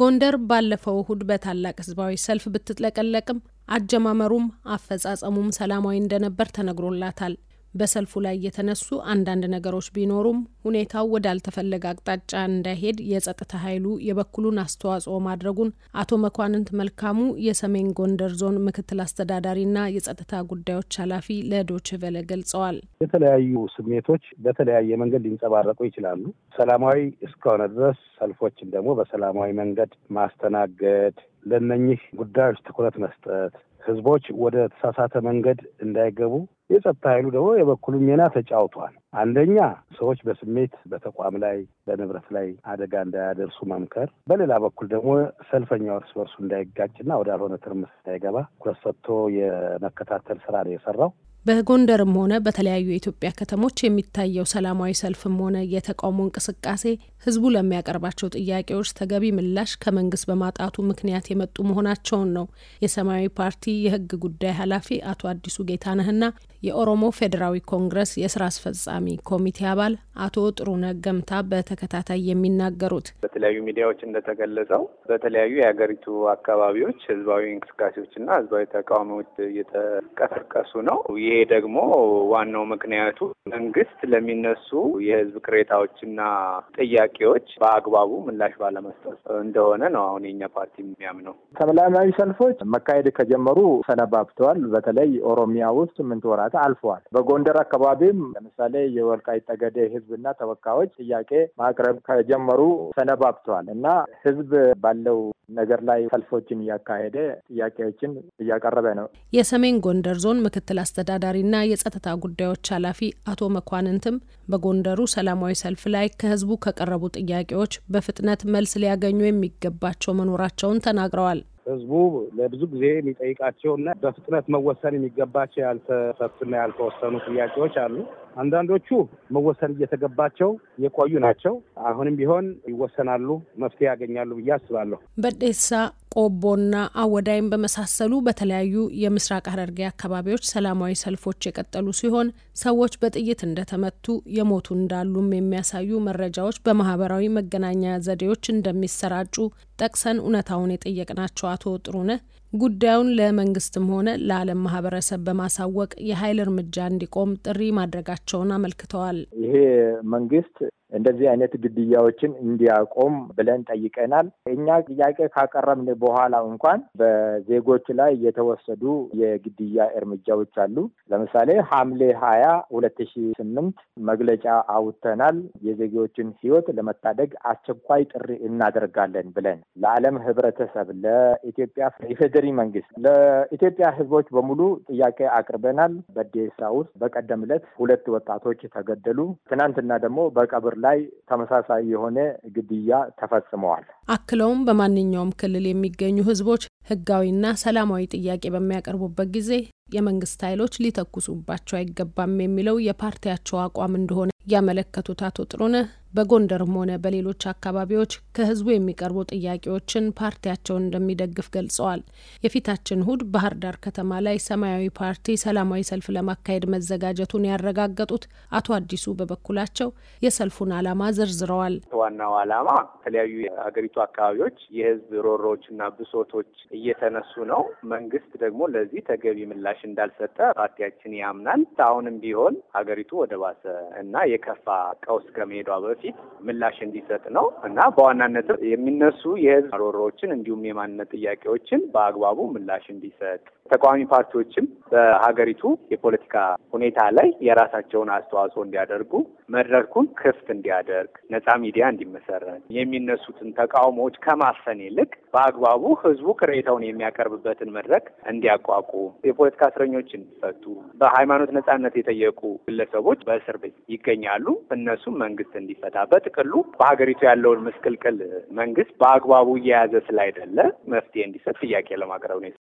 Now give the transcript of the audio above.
ጎንደር ባለፈው እሁድ በታላቅ ህዝባዊ ሰልፍ ብትጥለቀለቅም አጀማመሩም አፈጻጸሙም ሰላማዊ እንደነበር ተነግሮላታል። በሰልፉ ላይ የተነሱ አንዳንድ ነገሮች ቢኖሩም ሁኔታው ወዳልተፈለገ አቅጣጫ እንዳይሄድ የጸጥታ ኃይሉ የበኩሉን አስተዋጽኦ ማድረጉን አቶ መኳንንት መልካሙ የሰሜን ጎንደር ዞን ምክትል አስተዳዳሪና የጸጥታ ጉዳዮች ኃላፊ ለዶችቨለ ገልጸዋል። የተለያዩ ስሜቶች በተለያየ መንገድ ሊንጸባረቁ ይችላሉ። ሰላማዊ እስከሆነ ድረስ ሰልፎችን ደግሞ በሰላማዊ መንገድ ማስተናገድ ለእነኚህ ጉዳዮች ትኩረት መስጠት፣ ህዝቦች ወደ ተሳሳተ መንገድ እንዳይገቡ የጸጥታ ኃይሉ ደግሞ የበኩሉን ሚና ተጫውቷል። አንደኛ ሰዎች በስሜት በተቋም ላይ በንብረት ላይ አደጋ እንዳያደርሱ መምከር፣ በሌላ በኩል ደግሞ ሰልፈኛው እርስ በርሱ እንዳይጋጭና አልሆነ ትርምስ እንዳይገባ ትኩረት ሰጥቶ የመከታተል ስራ ነው የሰራው። በጎንደርም ሆነ በተለያዩ የኢትዮጵያ ከተሞች የሚታየው ሰላማዊ ሰልፍም ሆነ የተቃውሞ እንቅስቃሴ ህዝቡ ለሚያቀርባቸው ጥያቄዎች ተገቢ ምላሽ ከመንግስት በማጣቱ ምክንያት የመጡ መሆናቸውን ነው የሰማያዊ ፓርቲ የህግ ጉዳይ ኃላፊ አቶ አዲሱ ጌታነህና የኦሮሞ ፌዴራዊ ኮንግረስ የስራ አስፈጻሚ ኮሚቴ አባል አቶ ጥሩነ ገምታ በተከታታይ የሚናገሩት። በተለያዩ ሚዲያዎች እንደተገለጸው በተለያዩ የሀገሪቱ አካባቢዎች ህዝባዊ እንቅስቃሴዎችና ህዝባዊ ተቃውሞዎች እየተቀሰቀሱ ነው። ይሄ ደግሞ ዋናው ምክንያቱ መንግስት ለሚነሱ የህዝብ ቅሬታዎችና ጥያቄዎች በአግባቡ ምላሽ ባለመስጠት እንደሆነ ነው አሁን የኛ ፓርቲ የሚያምነው። ሰላማዊ ሰልፎች መካሄድ ከጀመሩ ሰነባብተዋል። በተለይ ኦሮሚያ ውስጥ ስምንት ወራት አልፈዋል። በጎንደር አካባቢም ለምሳሌ የወልቃይት ጠገዴ ህዝብና ተወካዮች ጥያቄ ማቅረብ ከጀመሩ ሰነባብተዋል እና ህዝብ ባለው ነገር ላይ ሰልፎችን እያካሄደ ጥያቄዎችን እያቀረበ ነው። የሰሜን ጎንደር ዞን ምክትል አስተዳዳሪና የጸጥታ ጉዳዮች ኃላፊ አቶ መኳንንትም በጎንደሩ ሰላማዊ ሰልፍ ላይ ከህዝቡ ከቀረቡ ጥያቄዎች በፍጥነት መልስ ሊያገኙ የሚገባቸው መኖራቸውን ተናግረዋል። ህዝቡ ለብዙ ጊዜ የሚጠይቃቸው እና በፍጥነት መወሰን የሚገባቸው ያልተፈቱና ያልተወሰኑ ጥያቄዎች አሉ። አንዳንዶቹ መወሰን እየተገባቸው የቆዩ ናቸው። አሁንም ቢሆን ይወሰናሉ፣ መፍትሄ ያገኛሉ ብዬ አስባለሁ። በዴሳ ቆቦና አወዳይም በመሳሰሉ በተለያዩ የምስራቅ ሐረርጌ አካባቢዎች ሰላማዊ ሰልፎች የቀጠሉ ሲሆን ሰዎች በጥይት እንደተመቱ የሞቱ እንዳሉም የሚያሳዩ መረጃዎች በማህበራዊ መገናኛ ዘዴዎች እንደሚሰራጩ ጠቅሰን እውነታውን የጠየቅናቸው አቶ ጥሩነ ጉዳዩን ለመንግስትም ሆነ ለዓለም ማህበረሰብ በማሳወቅ የኃይል እርምጃ እንዲቆም ጥሪ ማድረጋቸውን አመልክተዋል። ይሄ መንግስት እንደዚህ አይነት ግድያዎችን እንዲያቆም ብለን ጠይቀናል። እኛ ጥያቄ ካቀረብን በኋላ እንኳን በዜጎች ላይ የተወሰዱ የግድያ እርምጃዎች አሉ። ለምሳሌ ሐምሌ ሀያ ሁለት ሺ ስምንት መግለጫ አውጥተናል። የዜጎችን ህይወት ለመታደግ አስቸኳይ ጥሪ እናደርጋለን ብለን ለዓለም ህብረተሰብ ለኢትዮጵያ የፌዴሪ መንግስት ለኢትዮጵያ ህዝቦች በሙሉ ጥያቄ አቅርበናል። በዴሳ ውስጥ በቀደም ዕለት ሁለት ወጣቶች ተገደሉ። ትናንትና ደግሞ በቀብር ላይ ተመሳሳይ የሆነ ግድያ ተፈጽመዋል። አክለውም በማንኛውም ክልል የሚገኙ ህዝቦች ህጋዊና ሰላማዊ ጥያቄ በሚያቀርቡበት ጊዜ የመንግስት ኃይሎች ሊተኩሱባቸው አይገባም የሚለው የፓርቲያቸው አቋም እንደሆነ ያመለከቱት አቶ ጥሩነህ በጎንደርም ሆነ በሌሎች አካባቢዎች ከህዝቡ የሚቀርቡ ጥያቄዎችን ፓርቲያቸውን እንደሚደግፍ ገልጸዋል። የፊታችን እሁድ ባህር ዳር ከተማ ላይ ሰማያዊ ፓርቲ ሰላማዊ ሰልፍ ለማካሄድ መዘጋጀቱን ያረጋገጡት አቶ አዲሱ በበኩላቸው የሰልፉን ዓላማ ዘርዝረዋል። ዋናው ዓላማ የተለያዩ የሀገሪቱ አካባቢዎች የህዝብ ሮሮዎችና ብሶቶች እየተነሱ ነው። መንግስት ደግሞ ለዚህ ተገቢ ምላሽ እንዳልሰጠ ፓርቲያችን ያምናል። አሁንም ቢሆን ሀገሪቱ ወደ ባሰ እና የከፋ ቀውስ ከመሄዷ በፊት ግጭት ምላሽ እንዲሰጥ ነው እና በዋናነት የሚነሱ የህዝብ አሮሮዎችን እንዲሁም የማንነት ጥያቄዎችን በአግባቡ ምላሽ እንዲሰጥ ተቃዋሚ ፓርቲዎችም በሀገሪቱ የፖለቲካ ሁኔታ ላይ የራሳቸውን አስተዋጽኦ እንዲያደርጉ መድረኩን ክፍት እንዲያደርግ ነጻ ሚዲያ እንዲመሰረት የሚነሱትን ተቃውሞዎች ከማፈን ይልቅ በአግባቡ ህዝቡ ቅሬታውን የሚያቀርብበትን መድረክ እንዲያቋቁም፣ የፖለቲካ እስረኞች እንዲፈቱ፣ በሃይማኖት ነጻነት የጠየቁ ግለሰቦች በእስር ቤት ይገኛሉ። እነሱም መንግስት እንዲፈ የሚመጣ በጥቅሉ በሀገሪቱ ያለውን ምስቅልቅል መንግስት በአግባቡ እየያዘ ስላይደለ መፍትሄ እንዲሰጥ ጥያቄ ለማቅረብ ነው።